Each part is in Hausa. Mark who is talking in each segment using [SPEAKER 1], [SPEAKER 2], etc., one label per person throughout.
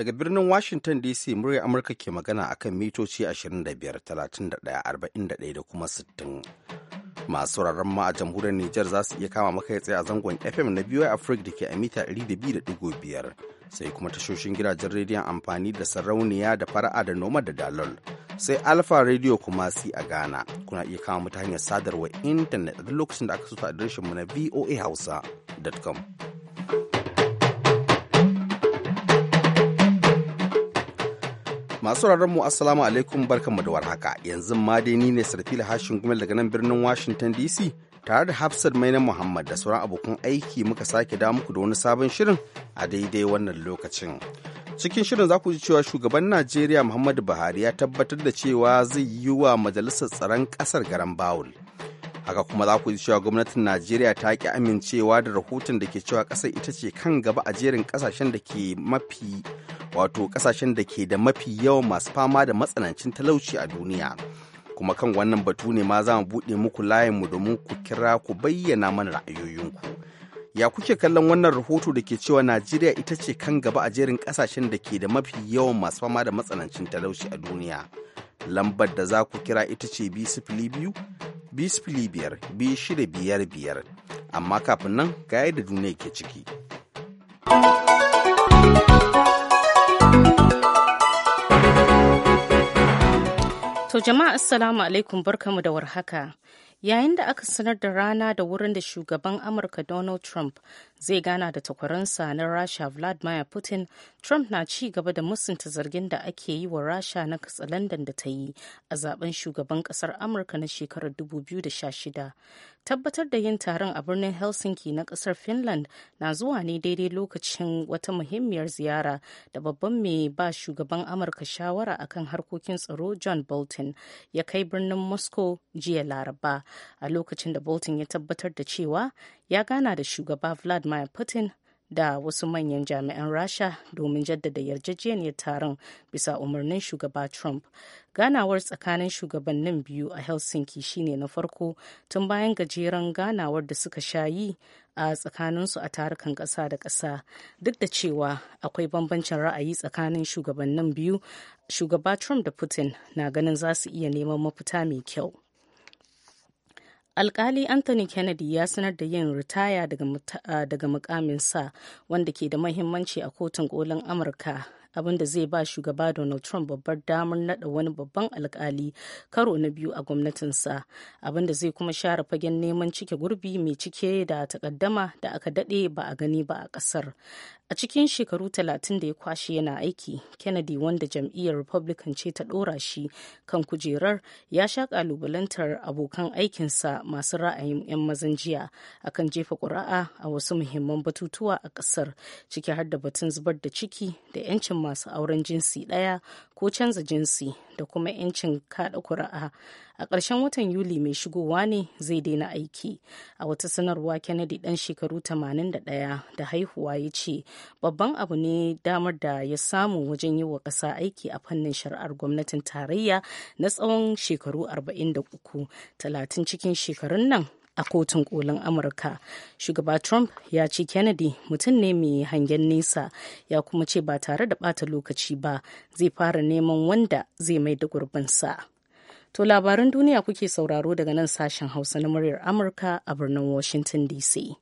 [SPEAKER 1] Daga birnin Washington DC murya Amurka ke magana a kan mitoci 25, 31, 41 da kuma 60. Masu rarren ma a jamhuriyar Nijar za su iya kama maka tsaye a zangon FM na biyu Africa da ke a mita 200.5 sai kuma tashoshin gidajen rediyon amfani da sarauniya da fara'a da noma da dalol. Sai Alfa Radio kuma si a Ghana kuna iya kama mata hanyar sadarwar intanet a duk lokacin da aka suta adireshinmu mu na voahausa.com. Masu mu Assalamu alaikum barkanmu da warhaka. Yanzu ma dai ni ne Sarfila Hashin Gumel daga nan birnin Washington DC tare da Hafsat Maina Muhammad da sauran abokan aiki muka sake da muku da wani sabon shirin a daidai wannan lokacin. Cikin shirin za ku ji cewa shugaban Najeriya Muhammadu Buhari ya tabbatar da cewa zai yi wa majalisar tsaron kasar garan Bawul. Haka kuma za ku ji cewa gwamnatin Najeriya ta ki amincewa da rahoton da ke cewa ƙasar ita ce kan gaba a jerin ƙasashen da ke mafi wato kasashen da ke da mafi yawan masu fama da matsanancin talauci a duniya kuma kan wannan batu ne ma za mu buɗe muku mu domin ku kira ku bayyana mana ra'ayoyinku ya kuke kallon wannan rahoto da ke cewa najeriya ita ce kan gaba a jerin kasashen da ke da mafi yawan masu fama da matsanancin talauci a duniya lambar da za ku kira ita ce b biyu biyar bi shida biyar biyar amma kafin nan ga da duniya ke ciki.
[SPEAKER 2] To jama'a assalamu alaikum barkamu da warhaka. Yayin da aka sanar da rana da wurin da shugaban Amurka Donald Trump zai gana da takwaransa na rasha vladimir putin trump na ci gaba da musunta zargin da ake yi wa rasha na katsalandan da ta yi a zaben shugaban kasar amurka na shekarar 2016 tabbatar da yin taron a birnin helsinki na kasar finland na zuwa ne daidai lokacin wata muhimmiyar ziyara da babban mai ba shugaban amurka shawara akan harkokin tsaro john bolton ya kai birnin moscow jiya laraba a lokacin da bolton ya tabbatar da cewa ya gana da shugaba vladimir putin da wasu manyan jami'an rasha domin jaddada yarjejeniyar taron bisa umarnin shugaba trump ganawar tsakanin shugabannin biyu a helsinki shine na farko tun bayan gajeren ganawar da suka sha yi a tsakaninsu a tarukan ƙasa da ƙasa duk da cewa akwai bambancin ra'ayi tsakanin shugabannin biyu shugaba trump da putin na ganin za su iya neman mafita mai kyau alkali anthony kennedy ya sanar da yin ritaya ah, daga mukaminsa wanda ke da mahimmanci a kotun kolin amurka abin da zai ba shugaba donald trump babbar damar nada wani babban alkali karo na biyu a gwamnatinsa abin da zai kuma share fagen neman cike gurbi mai cike da takaddama da aka dade ba a gani ba a kasar a cikin shekaru talatin da ya kwashe yana aiki kennedy wanda jam'iyyar republican ce ta dora shi kan kujerar ya sha kalubalantar abokan aikinsa masu ra'ayin 'yan mazan jiya akan jefa ƙuri'a a wasu muhimman batutuwa a ƙasar ciki har da batun zubar da ciki da 'yancin masu auren jinsi ɗaya ko canza jinsi da kuma 'yancin kaɗa kuri'a a ƙarshen watan yuli mai shigowa ne zai daina aiki a wata sanarwa kennedy ɗan shekaru 81 da haihuwa ya ce babban abu ne damar da ya samu wajen yi wa ƙasa aiki a fannin shari'ar gwamnatin tarayya na tsawon shekaru 43 talatin cikin shekarun nan a kotun kolin amurka shugaba trump ya ce kennedy mutum ne mai hangen nesa ya kuma ce ba tare da bata lokaci ba zai fara neman wanda zai mai da gurbinsa to labaran duniya kuke sauraro daga nan sashen hausa na muryar amurka a birnin washington dc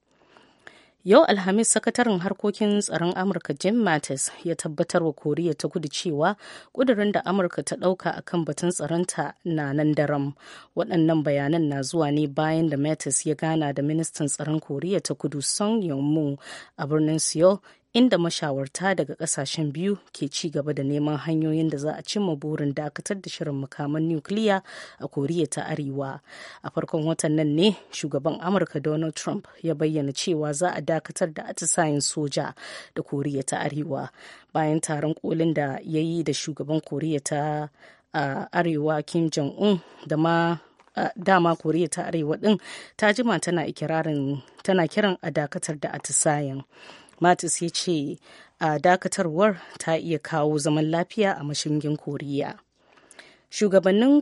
[SPEAKER 2] Yau Alhamis sakataren harkokin tsaron Amurka Jim Mattis ya tabbatar wa Koriya ta kudu cewa kudurin da Amurka ta ɗauka a kan batun tsaronta na nan daram. Waɗannan bayanan na zuwa ne bayan da Mattis ya gana da ministan tsaron Koriya ta kudu Song Yong-mu a birnin Seoul inda mashawarta daga kasashen biyu ke ci gaba da neman hanyoyin da za a cimma burin dakatar da shirin makaman nukiliya a koriya ta arewa a farkon watan nan ne shugaban amurka donald trump ya bayyana cewa za a dakatar da atisayen soja da koriya ta arewa bayan taron kolin da ya yi da shugaban koriya ta arewa kim jong-un da ma dama koriya ta arewa din ta jima tana kiran a dakatar da atisayen matis ya ce a dakatarwar ta iya kawo zaman lafiya a mashigin koriya shugabannin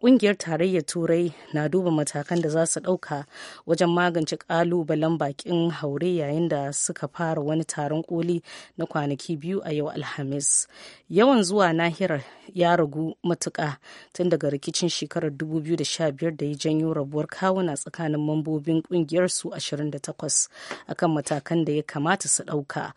[SPEAKER 2] kungiyar tarayyar turai na duba matakan da za su ɗauka wajen magance ƙalubalen bakin haure yayin da suka fara wani taron koli na kwanaki biyu a yau alhamis yawan zuwa nahiyar ya ragu matuƙa tun daga rikicin shekarar 2015 da ya janyo rabuwar kawuna tsakanin mambobin kungiyar su 28 akan matakan da ya kamata su ɗauka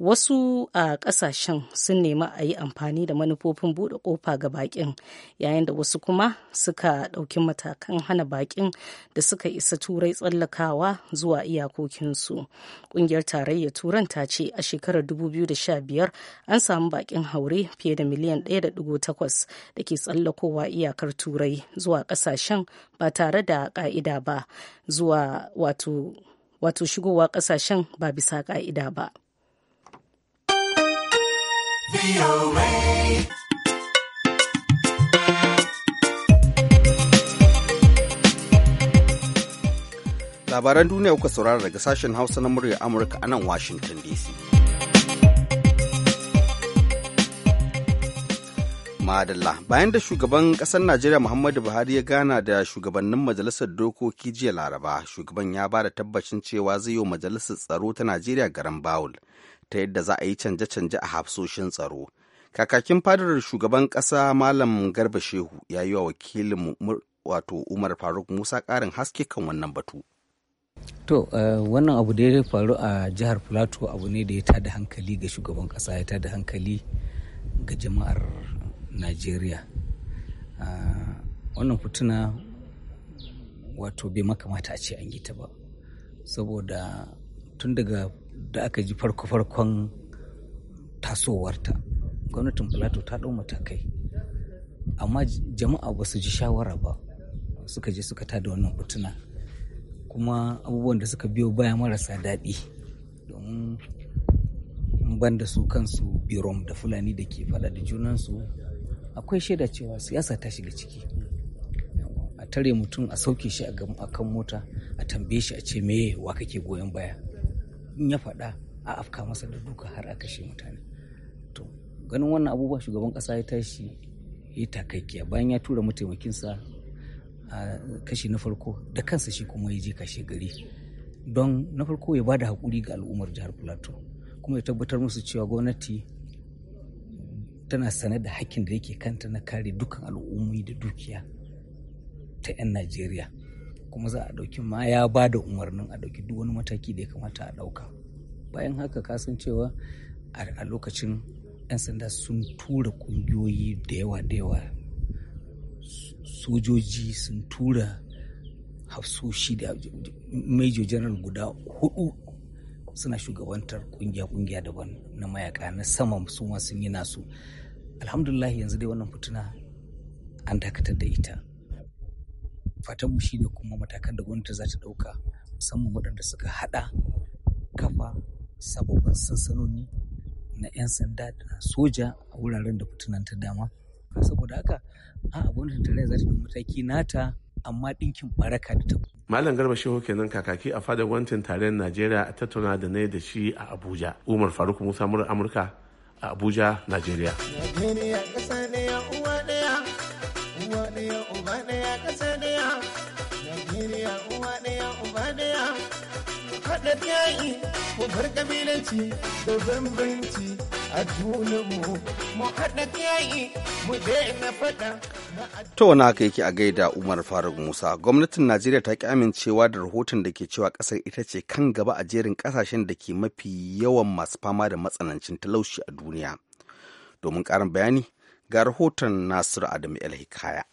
[SPEAKER 2] wasu a kasashen sun nemi a yi amfani da manufofin buɗe ƙofa ga baƙin yayin da wasu kuma suka ɗauki matakan hana baƙin da suka isa turai tsallakawa zuwa iyakokinsu ƙungiyar tarayyar turan ta ce a shekarar 2015 an samu baƙin haure fiye da miliyan 1.8 da ke tsallakowa iyakar turai zuwa kasashen ba tare da ƙa'ida ba zuwa wato shigowa kasashen ba bisa ƙa'ida ba.
[SPEAKER 1] Labaran duniya kuka saurara daga sashen Hausa na murya Amurka a nan Washington DC. Madalla bayan da shugaban ƙasar Najeriya Muhammadu Buhari ya gana da shugabannin majalisar dokoki jiya Laraba, shugaban ya ba da tabbacin cewa zai yi wa majalisar tsaro ta Najeriya garan Bawul. ta yadda za a yi canje-canje a hafsoshin tsaro. Kakakin fadar shugaban ƙasa Malam Garba Shehu ya yi wa wakilin wato Umar Faruk Musa ƙarin haske kan wannan batu.
[SPEAKER 3] To, eh, wannan abu da ya faru a jihar Filato abu ne da ya ta da hankali ga shugaban ƙasa ya tada hankali ga jama'ar Najeriya. Ah, wannan fituna wato bai makamata a ce an yi ta ba. Saboda tun daga da aka ji farko-farkon tasowarta gwamnatin plateau ta ɗau matakai amma jama'a ba su ji shawara ba suka je suka tada wannan fituna kuma abubuwan da suka biyo baya marasa daɗi domin ban da su kansu birom da fulani da ke faɗa da junansu akwai shaida cewa siyasa ta shiga ciki a tare mutum a sauke shi a kan mota a tambaye shi a ce meye wa kake goyon baya in ya faɗa a afka masa da duka har a kashe mutane to ganin wannan abubuwa shugaban ƙasa ya tashi ya takaikiya bayan ya tura mataimakinsa a kashi na farko da kansa shi kuma ya je kashe gari don na farko ya bada haƙuri ga al'ummar jihar plateau kuma ya tabbatar musu cewa gwamnati tana sane da hakkin da yake kanta na kare dukkan al'ummi da dukiya ta 'yan najeriya kuma za a ɗauki ma ya ba da umarnin a ɗauki duk wani mataki da ya kamata a ɗauka bayan haka cewa a lokacin 'yan sanda sun tura ƙungiyoyi da yawa da yawa sojoji sun tura hafsoshi da major general guda hudu suna shugabantar kungiya-kungiya daban na mayaka na sama su ma sun yi nasu alhamdulillah yanzu dai wannan fituna an dakatar da ita fatan mu shine kuma matakan da gwamnati za ta ɗauka musamman waɗanda suka haɗa kafa sababbin sansanoni na 'yan sanda da soja a wuraren da fitinan ta dama saboda haka a gwamnatin tare za ta ɗauki mataki nata amma ɗinkin baraka da tabu.
[SPEAKER 4] Malam Garba Shehu
[SPEAKER 1] kenan kakaki a fadar gwamnatin tarayyar Najeriya a tattauna da na da shi a Abuja. Umar Faruk Musa Amurka a Abuja, Najeriya.
[SPEAKER 5] da yaƙi mu a
[SPEAKER 1] junanmu yake a gaida Umar Faruk Musa, gwamnatin Najeriya ta ki amincewa da rahoton da ke cewa ƙasar ita ce kan gaba a jerin ƙasashen da ke mafi yawan masu fama da matsanancin talauci a duniya. Domin ƙarin bayani ga rahoton Nasiru Adamu El Hikaya.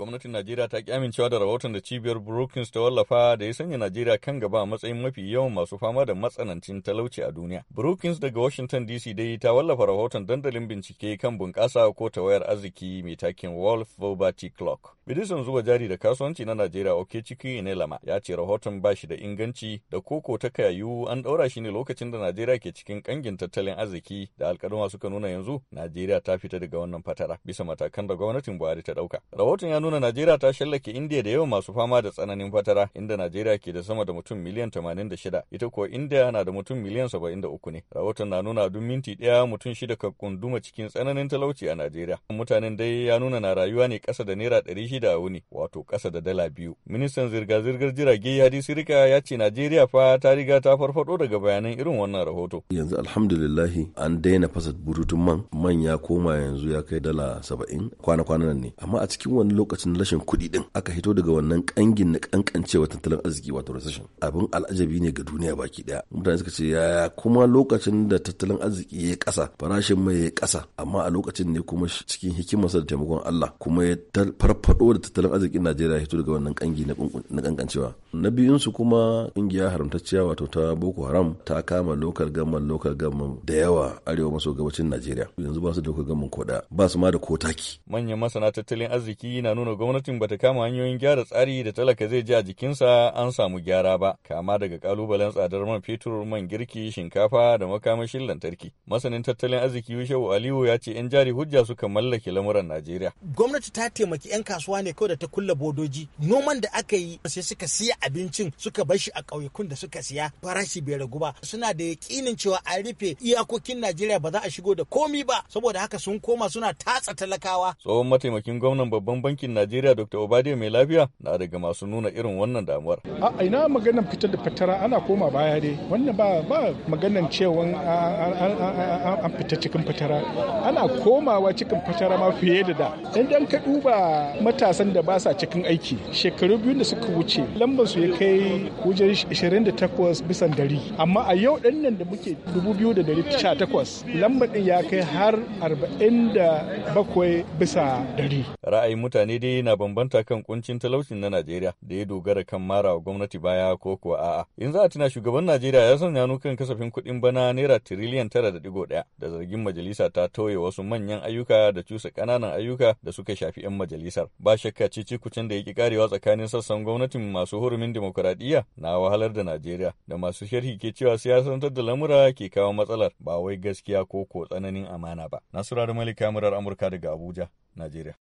[SPEAKER 6] Gwamnatin Najeriya ta ki amincewa da rahoton da cibiyar Brookings ta wallafa da ya sanya Najeriya kan gaba a matsayin mafi yawan masu fama da matsanancin talauci a duniya. Brookings daga Washington DC dai ta wallafa rahoton dandalin bincike kan bunƙasa ko tawayar arziki mai takin Wolf Poverty Clock. Ministan zuba jari da kasuwanci na Najeriya Okechukwu lama ya ce rahoton ba shi da inganci da koko ta kayu an ɗaura shi ne lokacin da Najeriya ke cikin kangin tattalin arziki da alkaluma suka nuna yanzu Najeriya ta fita daga wannan fatara bisa matakan da gwamnatin Buhari ta ɗauka. Rahoton ya nuna Najeriya ta shallake Indiya da yawa masu fama da tsananin fatara inda Najeriya ke da sama da mutum miliyan 86 ita kuwa Indiya na da mutum miliyan 73 ne. Rahoton na nuna duk minti daya mutum shida ka kunduma cikin tsananin talauci a Najeriya. Mutanen dai ya nuna na rayuwa ne ƙasa da naira 100 da a wuni wato kasa da dala biyu. Ministan zirga-zirgar jirage Yadi Sirika ya ce Najeriya fa ta riga ta farfado daga bayanan irin wannan rahoto.
[SPEAKER 1] Yanzu alhamdulillah an daina fasa bututun man man ya koma yanzu ya kai dala saba'in kwana-kwanan nan ne amma a cikin wani lokacin rashin kuɗi din aka hito daga wannan kangin na kankancewa tattalin arziki wato recession abin al'ajabi ne ga duniya baki daya mutane suka ce yaya kuma lokacin da tattalin arziki ya kasa farashin mai ya kasa amma a lokacin ne kuma cikin hikimarsa da taimakon Allah kuma ya farfado saboda tattalin arzikin najeriya ya hito daga wannan kangi na kankancewa na biyunsu kuma kungiya haramtacciya wato ta boko haram ta kama lokal gamman lokal gamman da yawa arewa maso gabacin najeriya yanzu ba su da gamman da ba su ma da kotaki
[SPEAKER 6] manyan masana tattalin arziki na nuna gwamnatin bata kama hanyoyin gyara tsari da talaka zai ji a jikinsa an samu gyara ba kama daga kalubalen tsadar man fetur man girki shinkafa da makamashin lantarki masanin tattalin arziki yushewu aliyu ya ce yan jari hujja suka mallake lamuran najeriya gwamnati
[SPEAKER 1] ta taimaki yan kasuwa kasuwa ne kawai da ta kulla bodoji noman da aka yi sai suka siya abincin suka bar shi a ƙauyukun da suka siya farashi bai ragu ba suna da yakinin cewa a rufe iyakokin Najeriya ba za a shigo da komi ba saboda haka sun koma suna tatsa talakawa
[SPEAKER 6] tsohon mataimakin gwamnan babban bankin Najeriya Dr. Obade mai lafiya na daga masu nuna irin wannan damuwar
[SPEAKER 4] a ina maganar fitar da fatara ana koma baya dai wannan ba ba maganar cewa an fita cikin fatara ana komawa cikin fatara ma fiye da da idan ka
[SPEAKER 1] duba matasan da ba sa cikin aiki shekaru biyu da suka wuce lambar su ya kai
[SPEAKER 4] wajen 28 bisan dari amma a yau din nan da muke 2018 lambar din ya kai har 47 bisa
[SPEAKER 6] dari ra'ayin mutane dai na bambanta kan kuncin talaucin na Najeriya da ya dogara kan mara wa gwamnati baya ko kuwa a'a in za a tuna shugaban Najeriya ya sanya kan kasafin kuɗin bana naira tiriliyan 9.1 da zargin majalisa ta tauye wasu manyan ayyuka da cusa ƙananan ayyuka da suka shafi 'yan majalisar ba shakka ce kucin da yake karewa tsakanin sassan gwamnatin masu hurumin demokuraɗiyya na wahalar da Najeriya da masu sharhi ke cewa siyasantar da lamura ke kawo matsalar ba wai gaskiya ko ko tsananin amana ba. Nasura Malik Malika Amurka daga Abuja, Najeriya.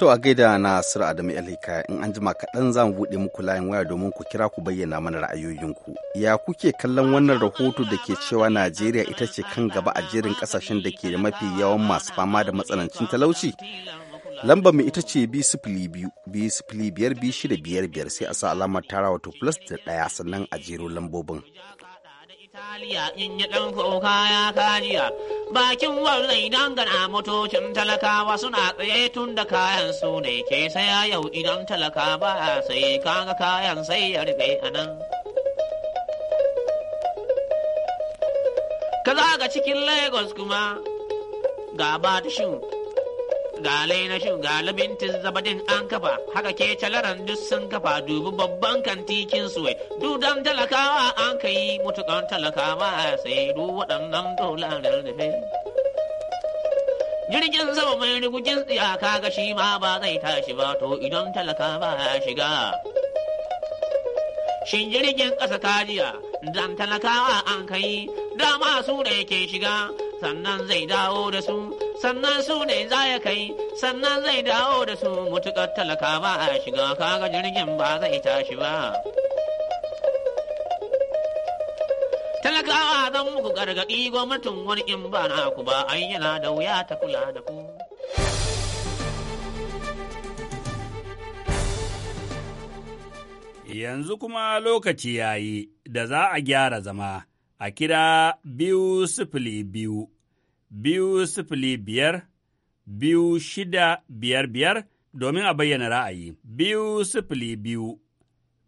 [SPEAKER 1] To a gaida na Sir Adamu Alhika in an jima kaɗan za mu buɗe muku layin waya domin ku kira ku bayyana mana ra'ayoyinku. Ya kuke kallon wannan rahoto da ke cewa Najeriya ita ce kan gaba a jerin ƙasashen da ke da mafi yawan masu fama da matsanancin talauci? Lambar mu ita ce b biyu biyar b shida biyar biyar sai a sa alamar tara wato plus da ɗaya sannan a jero lambobin.
[SPEAKER 5] Italiya in ya bakin wanda idan gana motocin talakawa suna tsaye tun da kayan su ne ke saya yau idan talaka ba sai kaga kayan sai ya rufe a nan. Ka ga cikin Lagos kuma ga ba ga laina shin ga zabadin an kafa haka ke calaran duk sun kafa Dubu, babban kantikin Duk dudan talakawa an kai yi mutukan talakawa sai du waɗannan dolarar da jirgin sama mai rigujin tsiyaka ga shi ma ba zai tashi ba to idan talakawa ya shiga shin jirgin ƙasa kajiya dan talakawa an kai dama su da yake shiga sannan zai dawo da su sannan su ne za ya kai sannan zai dawo da su mutuƙar talaka ba a shiga kaga jirgin ba zai tashi ba talakawa zan muku gargaɗi gwamnatin wani in ba na ku ba ai yana da wuya ta kula da ku
[SPEAKER 6] yanzu kuma lokaci yayi da za a gyara zama a kira biyu sifili biyu biyu sifili biyar biyu shida biyar biyar domin a bayyana ra'ayi biyu sifili biyu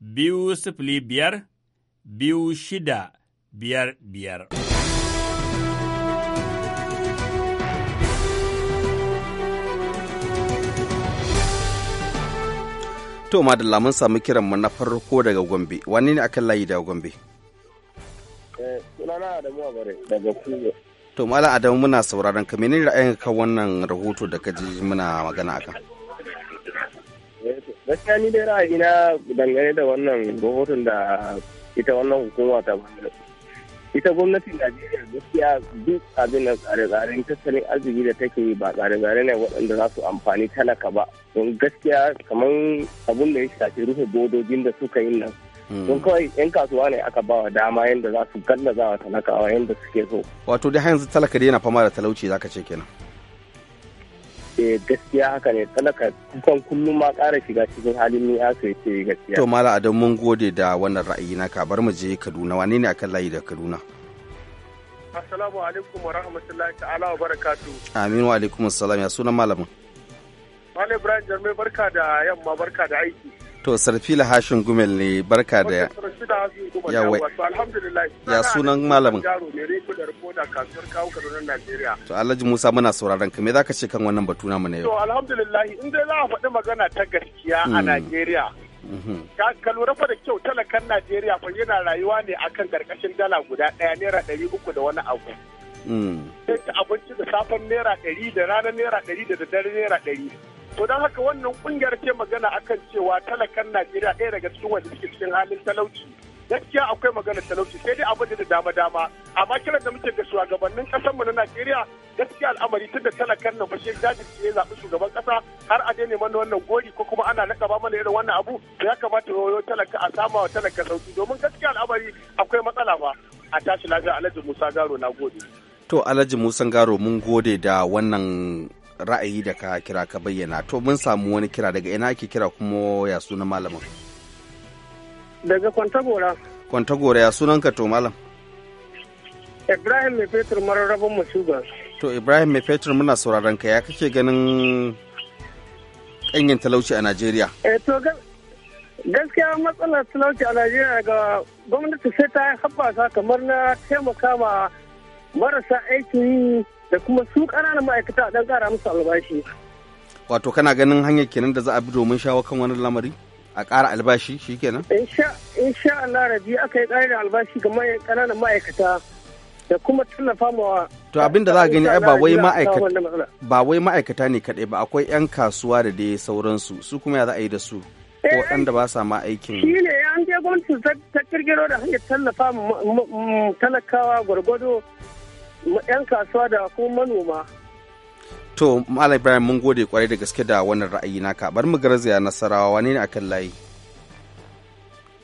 [SPEAKER 6] biyu sifili biyar biyu shida biyar biyar.
[SPEAKER 1] To madalla mun samu kiran mu na farko daga Gombe. Wani ne akan layi daga Gombe?
[SPEAKER 4] Eh, sunana Adamu bare daga Kuzo.
[SPEAKER 1] to mala adamu muna sauraron ka menene ra'ayin kan wannan rahoto da kaji muna magana akan
[SPEAKER 4] gaskiya ni dai na dangane da wannan rahoton da ita wannan hukuma ta ita gwamnatin najeriya gaskiya duk abin da tsare-tsaren tattalin arziki da take ba tsare-tsare ne waɗanda za su amfani talaka ba don gaskiya kamar abin da ya shafi rufe bodojin da suka yi nan don kawai yan kasuwa ne aka bawa dama yadda za su gallaza wa talakawa yadda suke so
[SPEAKER 1] wato dai yanzu talaka dai yana fama da talauci zaka ce kenan
[SPEAKER 4] eh gaskiya haka ne talaka kusan kullum ma ƙara shiga cikin halin ni aka ce gaskiya to
[SPEAKER 1] mala adam mun gode da wannan ra'ayi na bar mu je Kaduna wane ne akan layi da Kaduna
[SPEAKER 4] Assalamu alaikum wa rahmatullahi ta'ala wa barakatu.
[SPEAKER 1] Amin wa alaikum assalam ya sunan malamin.
[SPEAKER 4] Malam Ibrahim jarmai barka da yamma barka da aiki.
[SPEAKER 1] To Sarfila Hashin Gumel ne barka da
[SPEAKER 4] yawa. Ya sunan malamin.
[SPEAKER 1] To Alhaji Musa muna sauraron ka me za ka ce kan wannan batu namu na yau? To
[SPEAKER 4] alhamdulillah in dai za a faɗi magana ta gaskiya a hmm. Najeriya. Mm-hmm. Ka lura fa da kyau talakan Najeriya fa yana rayuwa ne akan karkashin dala guda ɗaya naira ɗari uku da wani abu. Hmm. Sai abinci da safen naira ɗari da ranar naira ɗari da daddare naira ɗari. to don haka wannan kungiyar ce magana akan cewa talakan najeriya ɗaya daga cikin wanda suke cikin halin talauci gaskiya akwai magana talauci sai dai abin da dama dama amma kiran da muke ga shugabannin kasar mu na Najeriya gaskiya al'amari tun da talakan nan bashe jajirce ya zaɓi shugaban kasa har a daina mana wannan gori ko kuma ana ba mana irin wannan abu to ya kamata yoyo talaka a sama wa talaka sauki domin gaskiya al'amari akwai matsala ba a tashi lafiya Alhaji Musa Garo na gode
[SPEAKER 1] to Alhaji Musa Garo mun gode da wannan ra'ayi da ka kira ka bayyana to mun samu wani kira daga ina ake kira kuma ya suna malamin
[SPEAKER 4] daga kwantagora
[SPEAKER 1] kwantagora ya sunanka to malam
[SPEAKER 4] ibrahim mai fetur mararrabin masuga
[SPEAKER 1] to ibrahim mai fetur muna sauraron ka ya kake ganin kanyin talauci a najeriya
[SPEAKER 4] eh, to gaskiya matsalar talauci a najeriya daga gwamnati sai ta haɓasa kamar na taimaka ma marasa aikin yi da kuma su ƙananan ma'aikata dan ƙara musu albashi
[SPEAKER 1] wato kana ganin hanyar kenan da za a bi domin shawo kan wani lamari a ƙara albashi shi kenan
[SPEAKER 4] sha Allah rabi aka yi ƙarin albashi ga ƙananan ma'aikata da kuma tallafa mawa
[SPEAKER 1] to abin da za a gani ai ba wai ma'aikata ba wai ma'aikata ne kaɗai ba akwai 'yan kasuwa da dai sauransu su kuma ya za a yi da su ko eh, waɗanda ba sa ma aikin shi
[SPEAKER 4] ne an je gwamnati ta kirkiro da hanyar tallafa talakawa gwargwado 'yan kasuwa da kuma manoma.
[SPEAKER 1] To, Malam Ibrahim mun gode kwarai da gaske da wannan ra'ayi naka. Bar mu garzaya Nasarawa wani ne kan layi?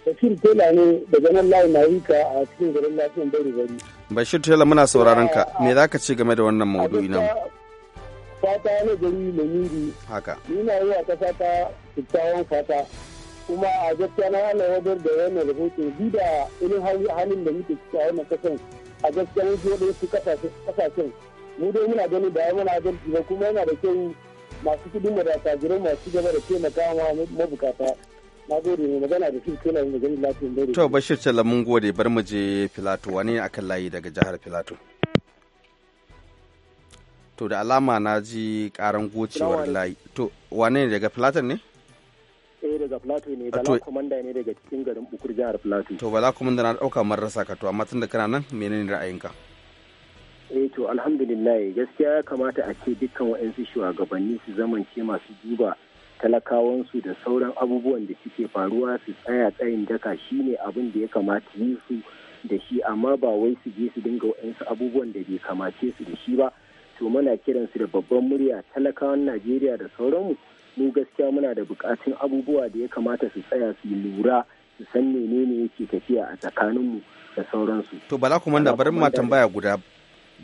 [SPEAKER 4] Bashir Tela ne da nan layi na yika a cikin garin lafiyan bari bari.
[SPEAKER 1] Bashir Tela muna sauraron ka. Me za ka ce game da wannan maudu'i nan?
[SPEAKER 4] Fata na gari Lamiri. Haka. Ina yi a kasa ta kyakkyawan fata. Kuma a gaskiya na hana wadar da wannan rahoton bi da irin halin da muke cikin a wannan kasan. a gaskiya mun fiye da kasashen mu dai muna ganin da muna adalci ba kuma yana da kyau masu kudin da da jira masu gaba da taimaka ma mabukata na gode ne magana da kirki na da ganin lafiyan dare to
[SPEAKER 1] bashir tala mun gode bar mu je filato wani akan layi daga jihar filato to da alama na ji karan gocewar layi to wane ne daga filatan ne
[SPEAKER 4] eh daga plateau ne bala komanda ne daga cikin garin bukur jihar
[SPEAKER 1] plateau to bala komanda na dauka marasa ka to amma tunda kana nan menene ra'ayinka
[SPEAKER 4] eh to alhamdulillah gaskiya ya kamata a ce dukkan wa'ansu shugabanni su zamance masu duba talakawansu da sauran abubuwan da suke faruwa su tsaya tsayin daka shine abin da ya kamata yi su da shi amma ba wai su je su dinga wa'ansu abubuwan da bai kamace su da shi ba to mana kiransu da babban murya talakawan najeriya da sauranmu mu gaskiya muna da bukatun abubuwa da ya kamata su tsaya su lura su san menene yake tafiya a tsakaninmu da sauransu. To bala kuma da bari ma tambaya
[SPEAKER 1] guda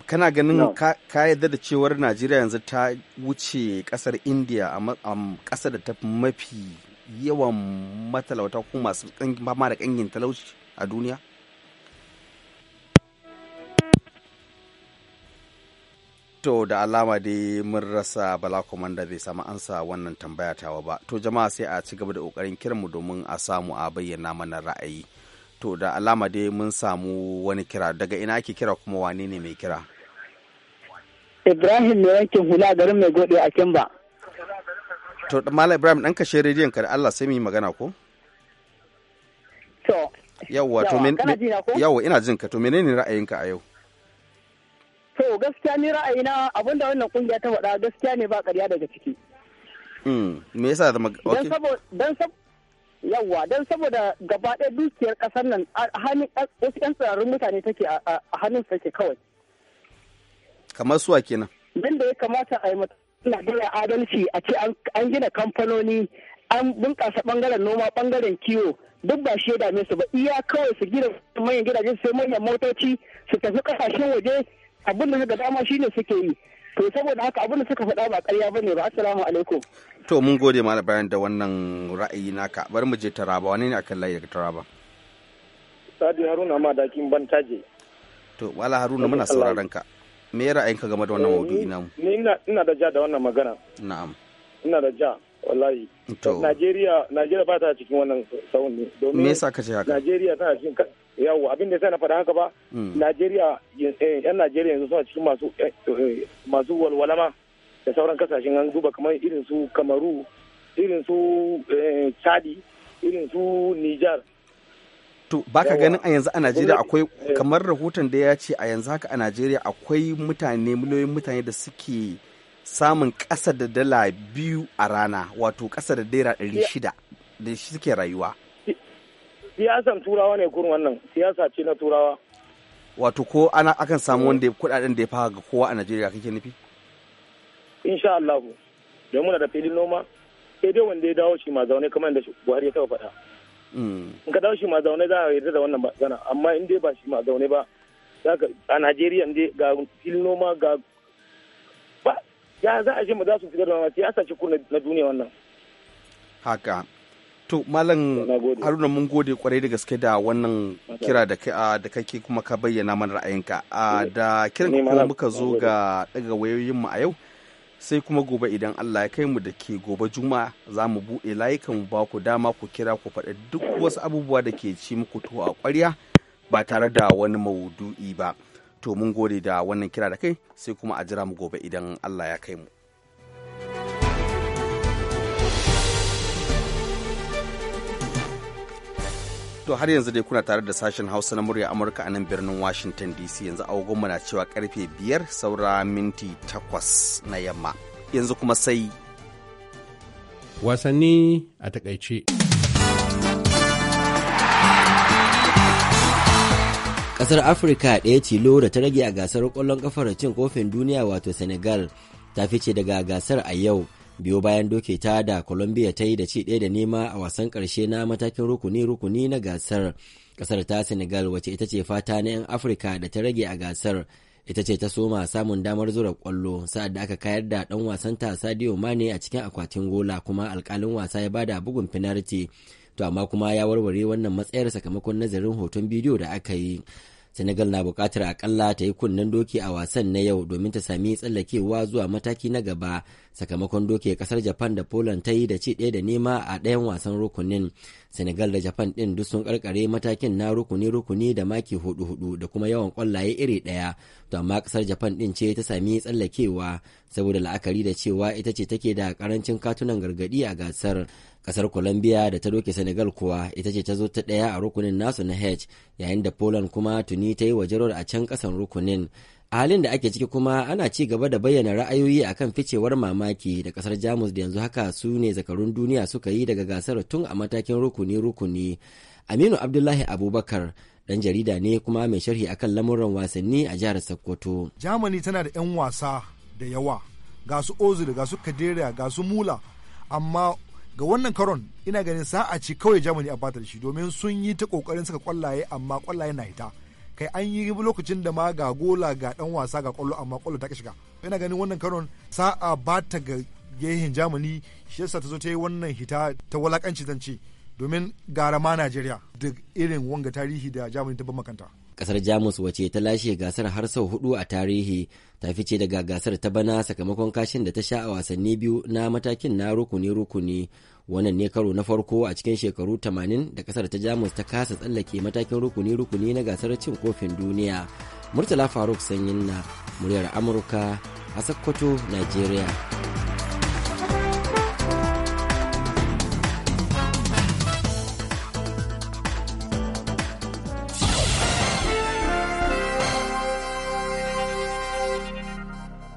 [SPEAKER 1] kana ganin ka yadda da cewar Najeriya yanzu ta wuce kasar India a kasar da ta mafi yawan matalauta ko masu fama da kangin talauci a duniya? to da alama dai mun rasa bala komanda bai samu ansa wannan tambaya tawa ba to jama'a sai a ci gaba da kokarin kiranmu domin a samu a bayyana mana ra'ayi to da alama dai mun samu wani kira daga ina ake kira kuma wane ne mai kira
[SPEAKER 4] ibrahim ne yankin hula garin mai gode a kimba
[SPEAKER 1] to malam ibrahim dan kashe rediyon ka da allah sai mu yi magana ko to yawwa to yawwa ina jin ka to menene ra'ayinka a yau
[SPEAKER 4] so gaskiya ni ra'ayina abinda wannan kungiya ta faɗa gaskiya ne ba ƙarya daga ciki
[SPEAKER 1] hmm, me yasa zama dan
[SPEAKER 4] saboda yawa dan saboda gaba ɗaya dukiyar ƙasar nan hannun wasu ƴan tsirarin mutane take a hannun take kawai
[SPEAKER 1] kamar suwa kenan
[SPEAKER 4] nan da ya kamata a yi mata Najeriya adalci a ce an gina kamfanoni an bunƙasa ɓangaren noma ɓangaren kiwo duk ba shi ya dame su ba iya kawai su gina manyan gidaje sai manyan motoci su tafi ƙasashen waje abin da suka dama shine suke yi to saboda haka abin da suka faɗa ba ƙarya bane ba assalamu alaikum
[SPEAKER 1] to mun gode ma bayan da wannan ra'ayi naka bari mu je taraba wani ne akan layi daga taraba
[SPEAKER 4] sadi haruna ma dakin ban taje
[SPEAKER 1] to wala haruna muna sauraron ka me ra'ayin ka game da wannan eh, maudu'i namu
[SPEAKER 4] ni ina da ja da wannan magana na'am ina da ja wallahi to najeriya najeriya ba ta cikin wannan sauni domin me yasa ka ce haka najeriya ta cikin yawo abin da sai na faɗa haka ba hmm. najeriya yan eh, najeriya yanzu suna cikin masu eh, eh, masu walwalama da sauran kasashen an duba kamar irin su kamaru irin su chadi irin su nijar
[SPEAKER 1] to baka ganin a yanzu a najeriya akwai kamar rahoton da ya ce a yanzu haka a najeriya akwai mutane miliyoyin mutane da suke samun ƙasa da dala biyu a rana wato ƙasa da daira ɗari shida da suke rayuwa
[SPEAKER 4] siyasan turawa ne kurin wannan siyasa ce na turawa
[SPEAKER 1] wato ko ana akan samu wanda kudaden da ya fara ga kowa a Najeriya kake nufi
[SPEAKER 4] insha Allah da muna da filin noma sai dai wanda ya dawo shi ma zaune kamar da Buhari ya taba faɗa hmm. in ka dawo shi ma zaune za a yarda da wannan magana amma in dai ba shi ma zaune ba zaka a Najeriya dai ga filin noma ga ba ya za a ce mu za su fitar da siyasa ce na duniya wannan
[SPEAKER 1] haka to malam haruna mun gode kwarai da gaske da wannan kira da kake kuma ka bayyana mana ra'ayinka da kiran kuma muka zo ga daga wayoyinmu a yau sai kuma gobe idan Allah ya kai mu da ke gobe juma za mu buɗe layukan ba ku dama ku kira ku faɗa duk wasu abubuwa da ke ci muku tuwo a ƙwarya ba tare da wani maudu'i ba to mun gode da wannan kira da kai sai kuma a jira mu gobe idan Allah ya kai mu To har yanzu dai kuna tare da sashen Hausa na murya Amurka a nan birnin Washington DC yanzu agogo na cewa karfe biyar saura minti takwas na yamma. Yanzu kuma sai.
[SPEAKER 7] Wasanni a takaice. Kasar Afirka ɗaya tilo da ta rage a gasar ƙwallon ƙafar cin kofin duniya wato Senegal ta fice daga gasar a yau. biyo bayan doke ta da colombia ta yi da ci ɗaya da nema a wasan ƙarshe na matakin rukuni-rukuni na gasar ƙasar ta senegal wacce ita ce fata na 'yan afirka da ta rage a gasar ita ce ta soma samun damar zura kwallo sa'ad da aka kayar da ɗan wasan ta Sadio Mane a cikin akwatin gola kuma alkalin wasa ya bada bugun finarti to amma kuma ya warware wannan matsayar sakamakon nazarin hoton bidiyo da aka yi Senegal na bukatar akalla ta yi kunnen doki a wasan na yau domin ta sami tsallakewa zuwa mataki na gaba sakamakon doki kasar Japan da Poland ta yi da ci ɗaya da nema a ɗayan wasan rukunin. Senegal da Japan ɗin duk sun karkare matakin na rukuni-rukuni da maki hudu-hudu da kuma yawan kwallaye iri ɗaya. To amma kasar Japan ɗin ce ta sami tsallakewa saboda la'akari da cewa ita ce take da ƙarancin katunan gargaɗi a gasar. kasar colombia da ta doke senegal kuwa ita ce ta zo ta daya a rukunin nasu na h yayin da poland kuma tuni ta yi wajerar a can kasan rukunin a halin da ake ciki kuma ana ci gaba da bayyana ra'ayoyi akan ficewar mamaki da kasar jamus da yanzu haka su ne zakarun duniya suka yi daga gasar tun a matakin rukuni-rukuni aminu abdullahi abubakar dan jarida ne kuma mai sharhi akan lamuran wasanni a jihar sokoto
[SPEAKER 4] germany tana da 'yan wasa da yawa ga su ozil ga su kadera ga su mula amma ga wannan karon ina ganin sa'a ci kawai jamani a bata da shi domin sun yi ta kokarin suka kwallaye amma kwallaye na hita kai an yi lokacin da ma ga gola ga dan wasa ga kwallo amma kwallo ta shiga ina ganin wannan karon sa a bata ga gehin jamani shi yasa ta zo ta yi wannan hita ta walakanci zance domin gara ma Najeriya duk irin wanga tarihi da jamani ta makanta.
[SPEAKER 7] kasar jamus wace ta lashe gasar har sau hudu a tarihi ta fice daga gasar ta bana sakamakon kashin da ta sha a wasanni biyu na matakin na rukuni-rukuni wannan ne karo na farko a cikin shekaru 80 da kasar ta jamus ta kasa tsallake matakin rukuni-rukuni na gasar cin kofin duniya murtala faruk sanyin na muryar amurka a sokoto nigeria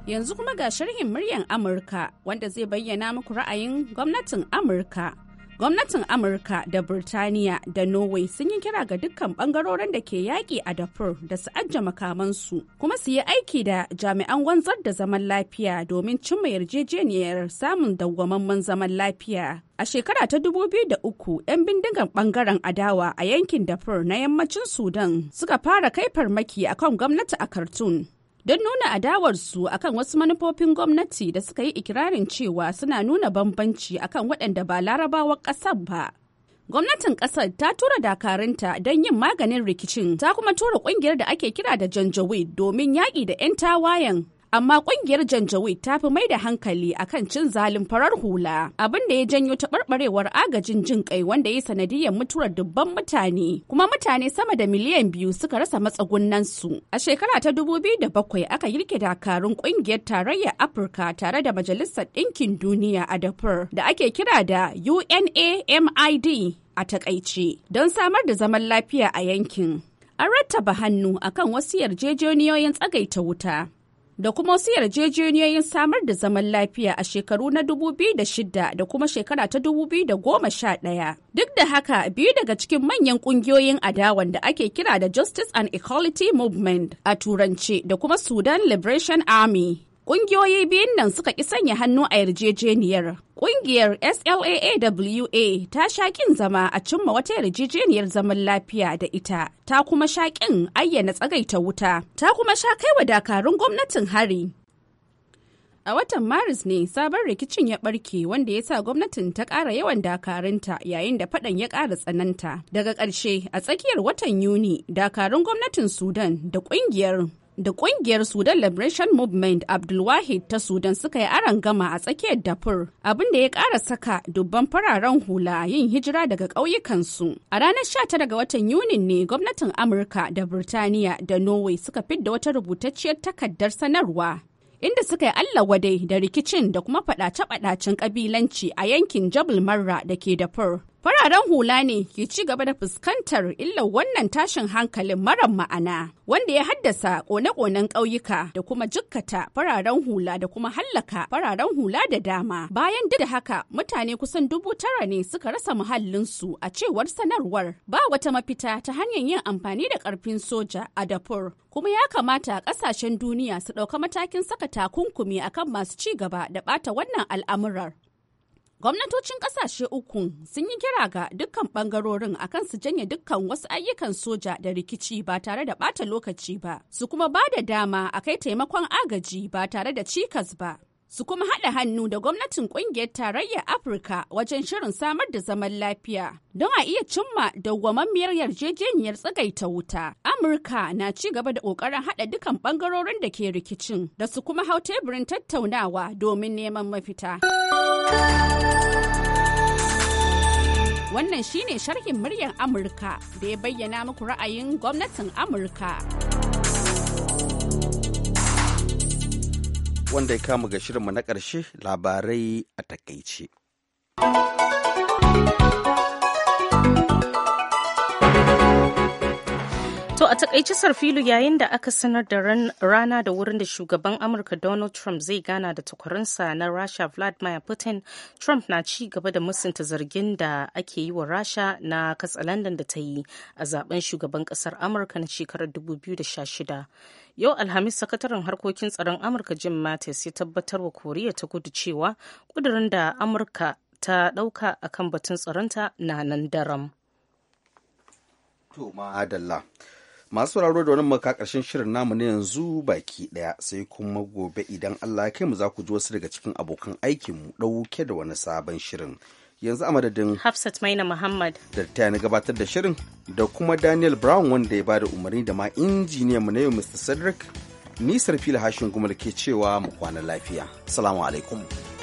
[SPEAKER 8] Yanzu kuma ga sharhin muryan Amurka wanda zai bayyana muku ra'ayin gwamnatin Amurka. Gwamnatin Amurka da Birtaniya, da Norway sun yi kira ga dukkan bangarorin da ke yaƙi a Darfur da su ajje makamansu kuma su yi aiki da jami'an wanzar da zaman lafiya domin cimma yarjejeniyar samun dawwamamman zaman lafiya A shekara ta 2003, 'yan bindigan bangaren adawa a yankin Darfur na yammacin Sudan suka fara kai farmaki akan gwamnati a Khartoum. don nuna adawarsu akan wasu manufofin gwamnati da suka yi ikirarin cewa suna nuna bambanci akan waɗanda ba larabawar ƙasar ba. Gwamnatin ƙasar ta tura dakarunta don yin maganin rikicin ta kuma tura ƙungiyar da ake kira da Janjaweed domin yaƙi da 'yan tawayen amma kungiyar janjawi ta fi mai da hankali akan cin zalin farar hula abin da ya janyo taɓarɓarewar agajin jin kai wanda ya sanadiyar mutuwar dubban mutane kuma mutane sama da miliyan biyu suka rasa matsagunan su a shekara ta dubu biyu da bakwai aka yirke dakarun kungiyar tarayyar afirka tare da majalisar ɗinkin duniya a dafur da ake kira da unamid a takaice don samar da zaman lafiya a yankin. An rattaba hannu akan wasu yarjejeniyoyin tsagaita wuta da kuma wasu yarjejeniyoyin samar da zaman lafiya a shekaru na 2006 da kuma shekara ta 2011. Duk da haka biyu daga cikin manyan kungiyoyin adawan da ake kira da Justice and Equality Movement a Turance da kuma Sudan Liberation Army Ƙungiyoyi biyun nan suka ƙi sanya hannu a yarjejeniyar. Ƙungiyar SLAAWA ta sha ƙin zama a cimma wata yarjejeniyar zaman lafiya da ita, ta kuma sha ƙin ayyana tsagaita wuta, ta kuma sha kaiwa dakarun gwamnatin hari. A watan Maris ne sabon rikicin ya barke wanda ya sa gwamnatin ta ƙara yawan dakarunta yayin da faɗan ya ƙara tsananta. Daga ƙarshe a tsakiyar watan Yuni dakarun gwamnatin Sudan da ƙungiyar da kungiyar Sudan Liberation Movement Abdulwahid ta Sudan suka yi aron gama a tsakiyar Dafur, abin da ya kara saka dubban fararen hula yin hijira daga ƙauyukansu. A ranar 19 ga watan yuni ne gwamnatin Amurka da Birtaniya da Norway suka fidda wata rubutacciyar takardar sanarwa inda suka yi Allah wadai da rikicin da kuma faɗace-faɗacen ƙabilanci a yankin Jabal Marra da ke Dafur. Fararen hula ne ke ci gaba da fuskantar illar wannan tashin hankalin marar ma'ana wanda ya haddasa kone-konen ƙauyuka da kuma jikkata fararen hula da kuma hallaka fararen hula da dama. Bayan duk da haka mutane kusan dubu tara ne suka rasa muhallinsu a cewar sanarwar ba wata mafita ta hanyar yin amfani da ƙarfin soja a Dafur kuma ya kamata ƙasashen duniya su ɗauka matakin saka takunkumi akan masu ci gaba da ɓata wannan al'amurar. Gwamnatocin ƙasashe uku sun yi kira ga dukkan ɓangarorin akan su janye dukkan wasu ayyukan soja da rikici ba tare da ɓata lokaci ba, su kuma ba da dama a kai taimakon agaji ba tare da cikas ba. su kuma haɗa hannu da gwamnatin ƙungiyar tarayyar Afirka wajen shirin samar da zaman lafiya don a iya cimma dawwammamiyar yarjejeniyar tsagaita wuta. Amurka na ci gaba da ƙoƙarin haɗa dukan ɓangarorin da ke rikicin da su kuma hau teburin tattaunawa domin neman mafita. Wannan shine sharhin muryar Amurka da ya bayyana muku ra'ayin gwamnatin Amurka.
[SPEAKER 1] wanda ya kama ga shirinmu na ƙarshe labarai a takaice.
[SPEAKER 2] To a takaice sarfilu yayin da aka sanar da rana da wurin da shugaban Amurka Donald Trump zai gana da takwarinsa na Rasha Vladimir Putin, Trump na ci gaba da musunta zargin da ake yi wa Rasha na katsalandan da ta yi a zaben shugaban kasar Amurka na shekarar 2016. Yau Alhamis sakataren harkokin tsaron Amurka Jim Mattis ya tabbatar wa Koriya ta kudu cewa kudurin da Amurka ta ɗauka akan batun tsaronta na nan daram.
[SPEAKER 1] masu sauraro da wani maka karshen shirin namu na yanzu baki daya sai kuma gobe idan Allah ya kai mu za ku ji wasu daga cikin abokan aikinmu ɗauke da wani sabon shirin yanzu a madadin
[SPEAKER 2] hafsat maina muhammad
[SPEAKER 1] da ta na gabatar da shirin da kuma daniel brown wanda ya bada umarni da ma injiniyan mu na yau mr cedric nisar fila hashin gumal ke cewa mu kwana lafiya salamu alaikum